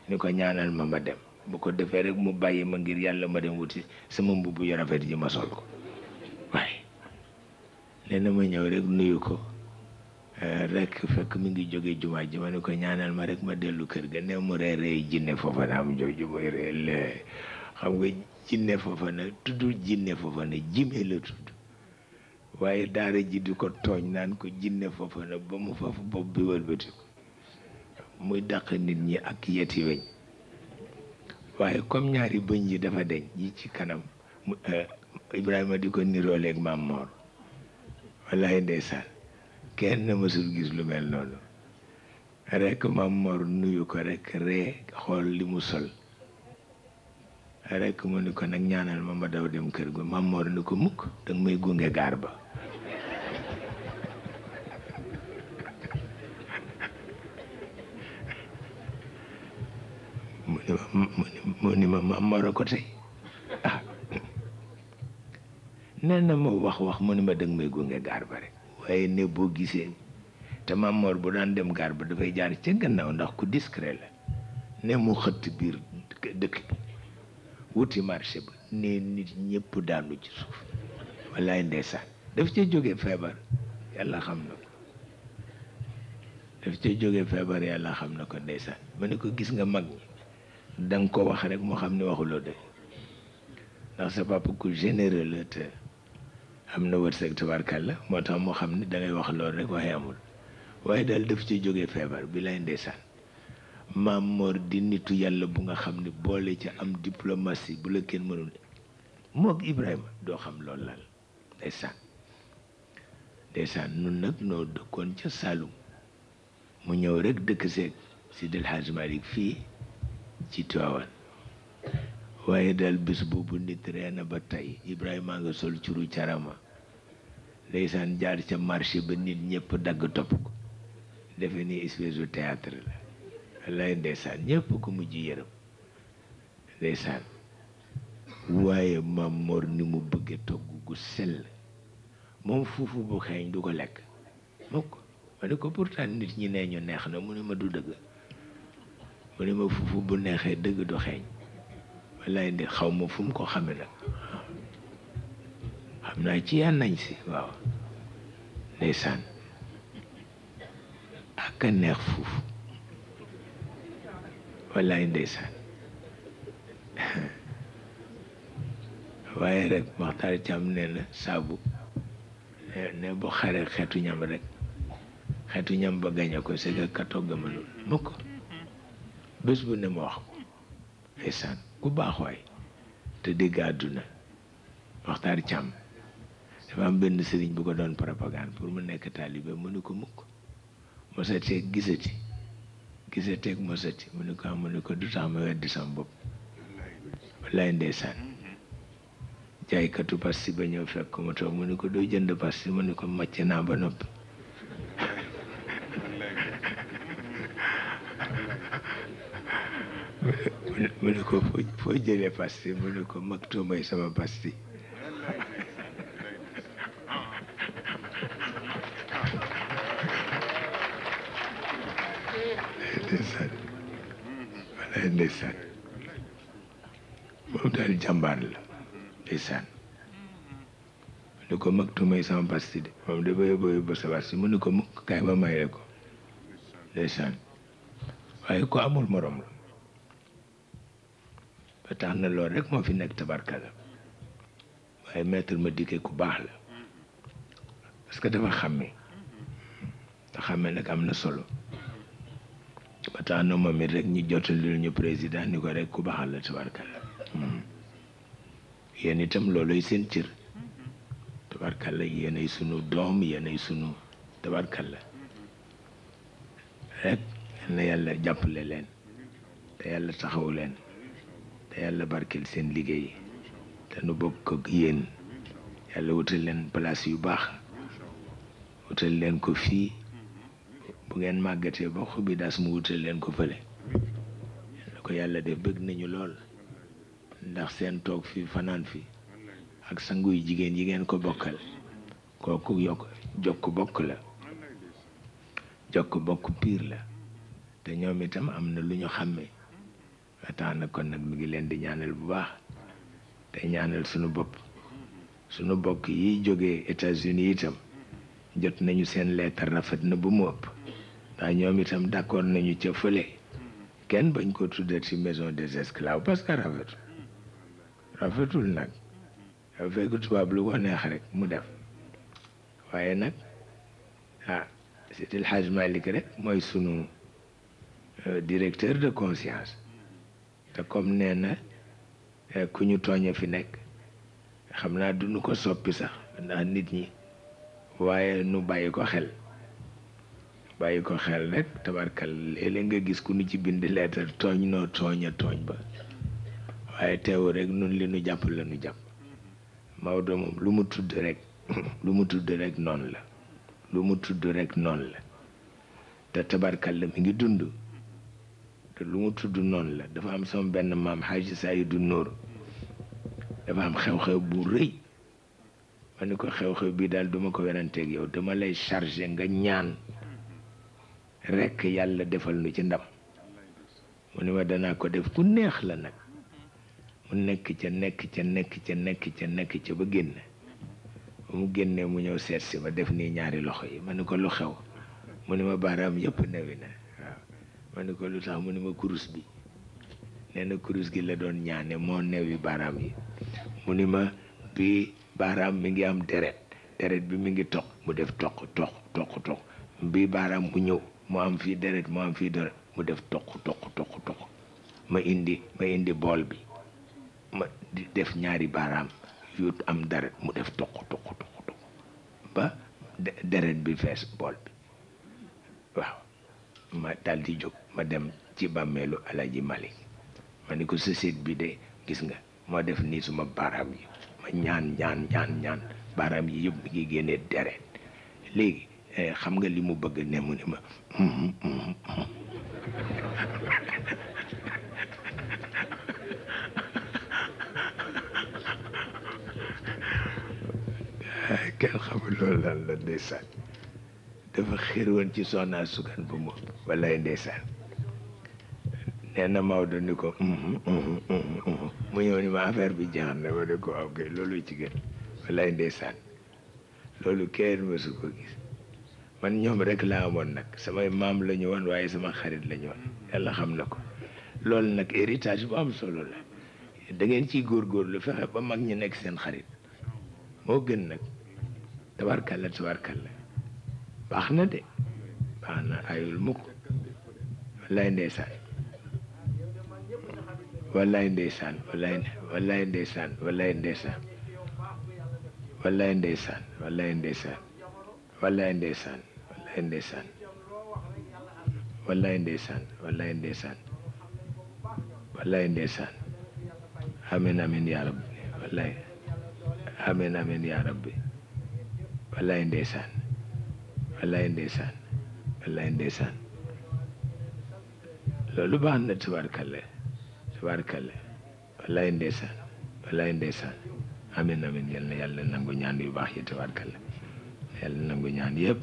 ni ko ñaanal ma ma dem bu ko defee rek mu bàyyi ma ngir yàlla ma dem wuti sama mbubb yu rafet ji ma sol ko waaye nee ma ñëw rek nuyu ko Eh, rekk fekk mi ngi jóge jumaa ji ma ne ko ñaanal ma rek ma dellu kër ga ne mu ree jinne foofa na nga jinne foofa na tuddul jinne foofa na jime la tudd waaye daara ji di ko tooñ naan ko jinne foofa na ba mu faf bopp bi wëlbati ko muy dàq nit ñi ak yeti weñ waaye comme ñaari bëñ yi dafa deñ yi ci kanam eh, Ibrahima di ko nirooleeg maam Mor wallaay ndeysaan kenn mësul gis lu mel noonu rek Maam Mor nuyu ko rek ree xool li mu sol rek mu ni ko nag ñaanal ma ma daw dem kër gu Maam Mor ni ko mukk danga may gunge gaar ba (laughs) mu ni ma Maam Mor a ko tey ah (laughs) na ma wax wax mu ni ma danga may gunge gaar ba waaye ne boo gisee te Mamor bu daan dem gaar ba dafay jaar ca gannaaw ndax ku discret la ne mu xëtt biir dëkk bi wuti marché ba ne nit ñëpp daanu ci suuf wallaay ndeysaan daf ca jóge feebar yàlla xam daf ca jóge feebar yàlla xam na ko ndeysaan ma ne ko gis nga mag ñi danga ko wax rek moo xam ne waxuloo dëgg ndax sa papa ku généreux la te am na wërsëg la moo tax moo xam ne dangay wax loolu rek waaye amul waaye daal daf ci jóge feebar bi lay ndeysaan maam Mor di nitu yàlla bu nga xam ne boole ca am diplomatie bu la kenn mënul mook Ibrahima doo xam loolu laal ndeysaan ndeysaan nun nag noo dëkkoon ca Saalum mu ñëw rek dëkk seeg si del yi fii ci Tiwaawan waaye daal bés boobu nit reena ba tey Ibrahima nga sol curu carama ndeysaan jaar ca marché ba nit ñëpp dagg topp ko defe ni espèce de théâtre la wallaay ndeysaan ñëpp ko mujj yërëm ndeysaan waaye Maam Mor ni mu bëgge togg gu sell moom fuufu bu xeeñ du ko lekk mukk ma ne ko pourtant nit ñi nee ñu neex na mu ne ma du dëgg mu ne ma fuufu bu neexee dëgg du xeeñ wallaay de xaw ma fu mu ko xame nag xam naa ci yaa nañ si waaw ndeysaan ak a neex foofu wallaay ndeysaan waaye rek Maxtaar Caam nee na saabu ne bu xare xeetu ñam rek xeetu ñam ba gañe ko c'est que ka togg mënul mukk bés bu ne ma wax ko ndeysaan ku baax waay te dégg àdduna Maxtaar Càmm dafa am benn sëriñ bu ko doon propagande pour mu nekk taalibe mu ne ko mukk mosateeg gisati gisateeg mosati mu ne ko am ah, mu ne ko du tax ma wedd sama bopp wallaay ndeysaan jaaykatu pasti ba ñëw fekk mu toog mu ne ko doo jënd pasti mu ne ko màcc naa ba nopp mu ne ko foo jëlee pasti mu ne ko mag tuumay sama pasti ndeysaan walaay ndeysaan moom daal jàmbaar la ndeysaan mu ne ko mag tuumay sama pasti de moom dafa yóbbu yóbbu sa pasti mu ne ko mukk kaay ma may la ko ndeysaan waaye ko amul morom la ba tax na loolu rek moo fi nekk tabarkala waaye maître ma dikkee ku baax la parce que dafa xàmme te xàmme nag am na solo ba tax na moom it rek ñi jotalil ñu président ni ko rek ku baax la tabarkala yéen itam looloy seen cër tabarkalla yéenay sunu doom yéenay sunu tabarkalla rek na yàlla jàppale leen te yàlla taxaw leen yàlla barkeel seen liggéey te nu bokk ak yéen yàlla wutal leen place yu baax wutal leen ko fii bu ngeen màggatee ba xobi daas mu wutal leen ko fële la ko yàlla def bëgg nañu lool ndax seen toog fi fanaan fi ak sanguy jigéen yi ngeen ko bokkal kooku yokk jokk bokk la jokk bokk piir la te ñoom itam am na lu ñu xàmmee ba kon nak mi ngi len di ñaanal bu baax te ñaanal suñu bop suñu bok yi jógee États-Unis itam jot nañu seen lettre rafet na bu mopp da ñoom itam d'accord nañu ci fële kenn bañ ko tuddee ci maison des esclaves parce que rafet rafetul nak avec fekk tubaab lu ko neex rek mu def waaye nak ha c'était le hajj malik rek moy suñu directeur de conscience te comme nee na eh, ku ñu tooña fi nekk xam naa du ko soppi sax ndax nit ñi waaye nu bàyyi ko xel bàyyi ko xel rek tabarkal léeg-léeg nga gis ku nu ci bind leetar tooñ noo tooña tooñ ba waaye teewu rek nun li nu jàpp la nu jàpp Maodo moom lu mu tudd rek (laughs) lu mu tudd rek noon la lu mu tudd rek noon la te tabarkal la mi ngi dund te lu mu tudd noonu la dafa am sama benn maam xaaji du Nuur dafa am xew-xew bu rëy ma ni ko xew-xew bii daal duma ko weranteeg yow dama lay chargé nga ñaan rekk yàlla defal nu ci ndam mu ni ma danaa ko def ku neex la nag mu nekk ca nekk ca nekk ca nekk ca nekk ca ba génn ba mu génnee mu ñëw seet si ma def nii ñaari loxo yi ma ni ko lu xew mu ni ma baaraam new newi na ma ne ko lu tax mu ni ma kurus bi nee na kurus gi la doon ñaane moo new newi baaraam yi mu ni ma bi baaraam mi ngi am deret deret bi mi ngi toq mu def toq toq toq toq bi baaraam bu ñëw mu am fii deret mu am fii deret mu def toq toq toq toq ma indi ma bool bi ma di def ñaari baaraam yu am mu def toq toq toq deret bi fees bool bi waaw ma dal di jog ma dem ci bàmmeelu alaji malik maniko ni ko bi de gis nga mo def ni suma baram yi ma ñaan ñaan ñaan ñaan baram yi yeb gi gene dere legi eh, xam nga limu bëgg ne mu ne ma (laughs) kel xamul loolu lan la dafa xir ci soxnaa sukan bu moom wallaay ndeysaan nee na Maodo ni ko uhm, uhm, uhm, mu ñëw ni ma affaire bi jeex na ma ne ko waaw ah, kay loolu ci gën wallaay ndeysaan loolu kenn mësu ko gis man ñoom rek laa amoon nag samay maam lañu wan waaye sama xarit la ñu woon yàlla xam na ko loolu nag héritage bu am solo la ciy góor góor lu fexe ba mag ñi nekk seen xarit moo gën nag tabarkalla tabarkalla baax na de baax na ayul mukk wallaay ndeysaan wallaay ndeysaan wallaay wallaay ndeysaan wallaay ndeysaan wallaay ndeysaan wallaay ndeysaan wallaay ndeysaan wallaay ndeysaan wallaay ndeysaan wallaay ndeysaan wallaay ndeysaan amin amin yaa rabbi wallaay amin amin yaa rabbi wallaay ndeysaan wallaay ndeysaan wallaay ndeysaan loolu baax na tubaarkale tubaarkale wallaay ndeysaan wallaay ndeysaan amin amin yal na yàlla nangu ñaan yu baax yi tubaarkale yàlla nangu ñaan yëpp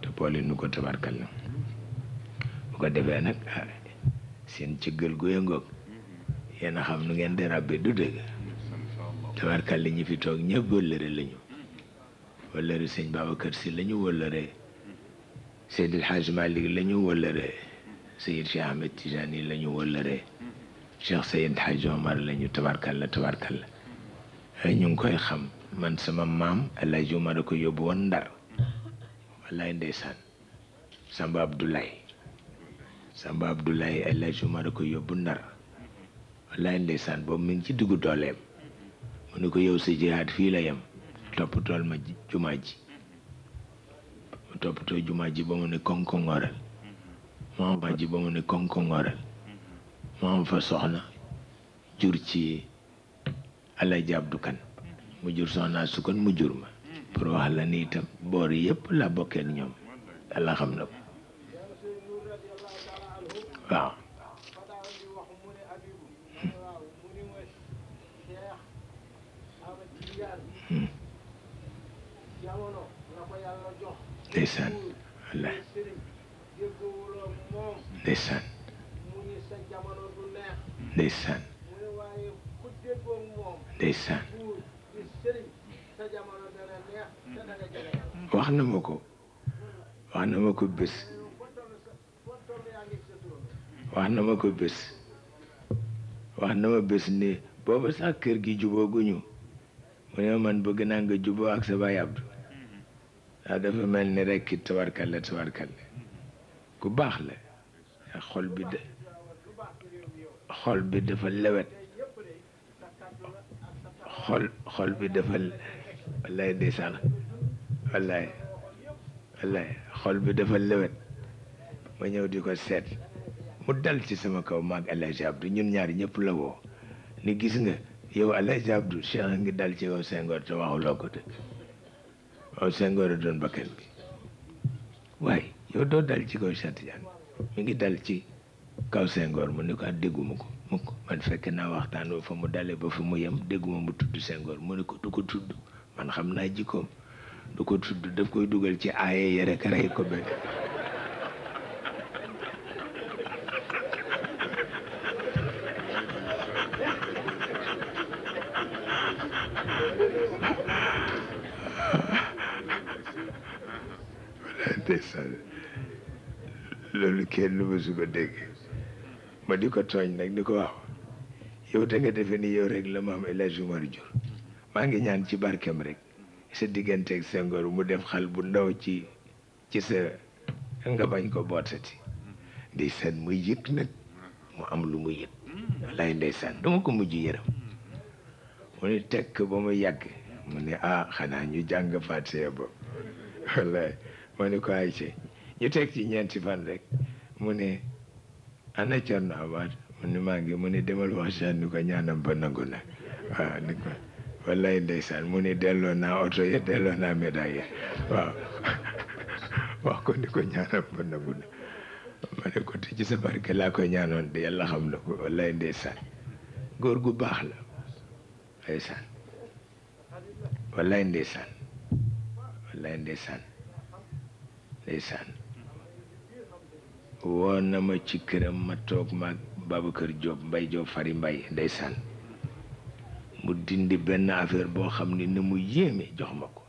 te boole nu ko tubaarkale bu ko defee nag ah, seen cëggal gu yëngoog yéen a xam nu ngeen di ràbbe du dëgg tubaarkale ñi fi toog ñëpp góllëre lañu ولا ري سيني بابا كرسي لنيو ولا ري سيد الحاج مالي لنيو ولا ري سيد شي احمد تيجاني لنيو ولا ري شيخ سيد الحاج عمر لنيو تبارك الله تبارك الله ني نكوي خم من سما مام الله يجوم عليكم يوبون دار والله ندسان سامبا عبد الله سامبا عبد الله الله يجوم عليكم يوبون دار والله ندسان بو من سي دغ دوليم منكو يوسي جهاد في لا يم toppatool ma jumaa ji mu toppatoo jumaa ji ba mu ne konkongoral mu am fa soxna jur ci Alaaji Abdu Kan mu jur soxnaa sukkan mu jur ma pour wax la ni itam boor yëpp la bokkeen ñoom yàlla xam na ko waaw ndeysaan walla wax na ma ko wax na ma ko bés wax na ma ko bés wax na ma bés ni booba sax kër gi jubooguñu mu ne man bëgg naa nga juboo ak sa baay Abdu waaw dafa mel ni rekk tawarkal la tawarkal la ku baax la xol bi de xol bi dafa lewet xol xol bi dafa wallaay ndeysaan wallaay wallaay xol bi dafa lewet ma ñëw di ko seet mu dal ci sama kaw maag Alaaji Abdu ñun ñaar ñëpp la woo ni gis nga yow Alaaji Abdu Cheikh ngi dal ci yow Senghor te waxuloo ko de Senghor a doon bakkan bi waaye yow doo dal ci kaw Cheikh Tidiane mi ngi dal ci kaw Senghor mu ne ko ak ah, dégguma ko mukk man fekk naa waxtaan fa mu dale ba fa mu yem dégguma mu tudd sengoor mu ne ko du ko tudd man xam naa jikkoom du ko tudd daf koy dugal ci aaye yere ka rey ko benn mësu ko dégg ma di ko tooñ nag di ko wax yow da nga defe ni yow rek la maam El jur maa ngi ñaan ci barkeem rek sa digganteeg Senghor mu def xal bu ndaw ci ci sa nga bañ ko bootati ndeysaan mu yëg nag mu am lu mu yëg wallaay ndeysaan dama ko mujj yërëm mu ne tekk ba mu yàgg mu ne ah xanaa ñu jàng fàtte ba wallaay ma ne ko ay ñu teg ci ñeenti fan rek mu ne ana Thierno Abad mu ne maa ngi mu demal wax ni ko ñaanam ba nangu na waaw ni ko wallaay ndeysaan mu oto ya delloo naa médaille waaw (laughs) wax ko ni ko ñaanam ba nangu na ma ko te ci sa barke laa koy ñaanoon de yàlla xam na ko wallaay ndeysaan góor gu baax la ndeysaan wallaay ndeysaan wallaay ndeysaan ndeysaan woo na ma ci këram ma toog maag Babacar Diop Mbay Diop Fari Mbay ndeysaan mu dindi benn affaire boo xam ne ni mu yéeme jox ma ko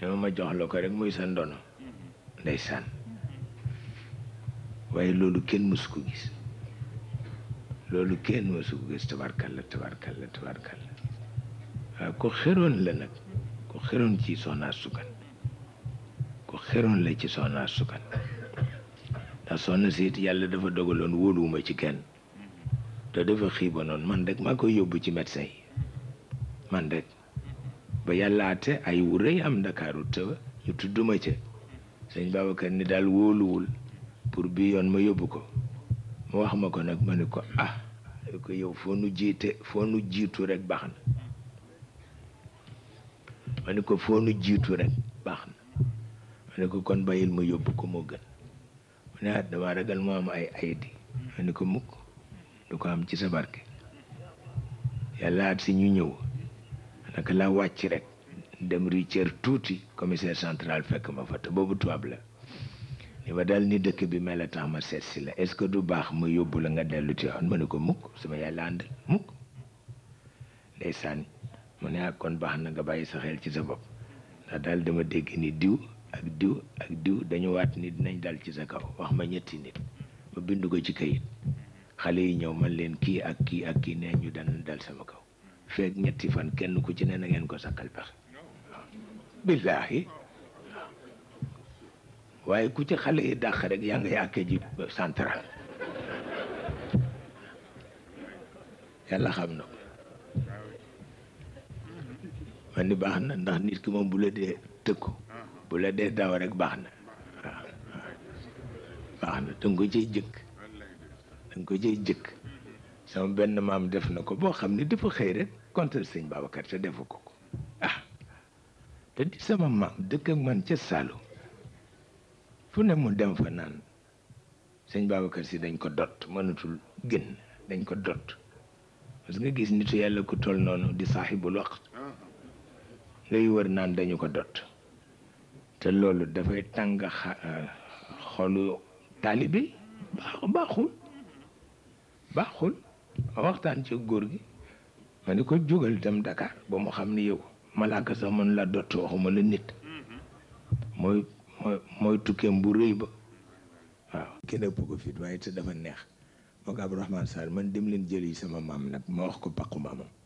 ne ma ma jox la ko rek muy sa ndono ndeysaan waaye loolu kenn mësu ko gis loolu kenn mësu ko gis tabarkalla tabarkalla tabarkalla waaw ko xeroon la nag ko xeroon ci soxnaa sukan ko xeroon la ci soxnaa sukan ndax soxna si yàlla dafa dogaloon wóoluwuma ci kenn mm-hmm. te dafa xiibanoon man rek maa koy yóbbu ci médecin man rek mm-hmm. ba yàlla te ay wu rëy am ndakaaru te ñu tudduma ca mm-hmm. sëñ Babacar ni daal wóoluwul pour bi yoon ma yóbbu ko mu wax ma ko nag ma ne ko ah ne ko yow foo nu jiite baax na ma ne ko foo nu jiitu rek baax na ma ne ko kon bàyyil ma yóbbu ko moo gën mu ne ah damaa ragal mu am ay ayiti ma mm-hmm. ni ko mukk du ko am ci sa barke yàlla at si ñu ñëw naka laa wàcc rek dem Richard tuuti commissaire central fekk ma fa te boobu tubaab la ni ma dal ni dëkk bi mel la tax ma seet si la est-ce que du baax ma yóbbu la nga dellu ci yoon ma ne ko mukk sama yàlla ànd mukk ndeysaan mu ne ak ah, kon baax na nga bàyyi sa xel ci sa bopp ndax daal dama dégg ni diw ak diw ak diw dañu waat ni dinañ dal ci sa kaw wax ma ñetti nit ma bind ko ci kayit xale yi ñëw man leen kii ak kii ak kii nee ñu dana dal sama kaw feek ñetti fan kenn ku ci ne na ngeen ko sakkal pexe waaw billaahi waaye ku ci xale yi dàq rek yaa nga yàkke ji central yàlla xam na ko man ni baax na ndax nit ki moom bu la dee tëkku bu la dee daaw rek baax na waaw baax na danga ko ciy jëkk danga ko ciy jëkk sama benn maam def na ko boo xam ne dafa xëy rek contre sëñ Babacar te defu ko ko ah te di sama maam dëkk ak man ca Saalum fu ne mu dem fa naan sëñ Babacar si dañ ko dot mënatul gën dañ ko dot parce que nga gis nit yàlla ku toll noonu di saaxibul waqt ngay wër naan dañu ko dot te loolu dafay tàng euh, xolu taalibe baaxul baaxul waxtaan ci góor gi ma ni ko jógal dem Dakar ba mu xam ni yow malaaka sax mën la dott waxuma la nit mooy mooy mooy tukkeem bu rëy ba waaw kenn ëpp ko fit waaye te dafa neex moo ko Abdourahmane man dem leen jël yi
sama maam nag ma wax ko paqu maamam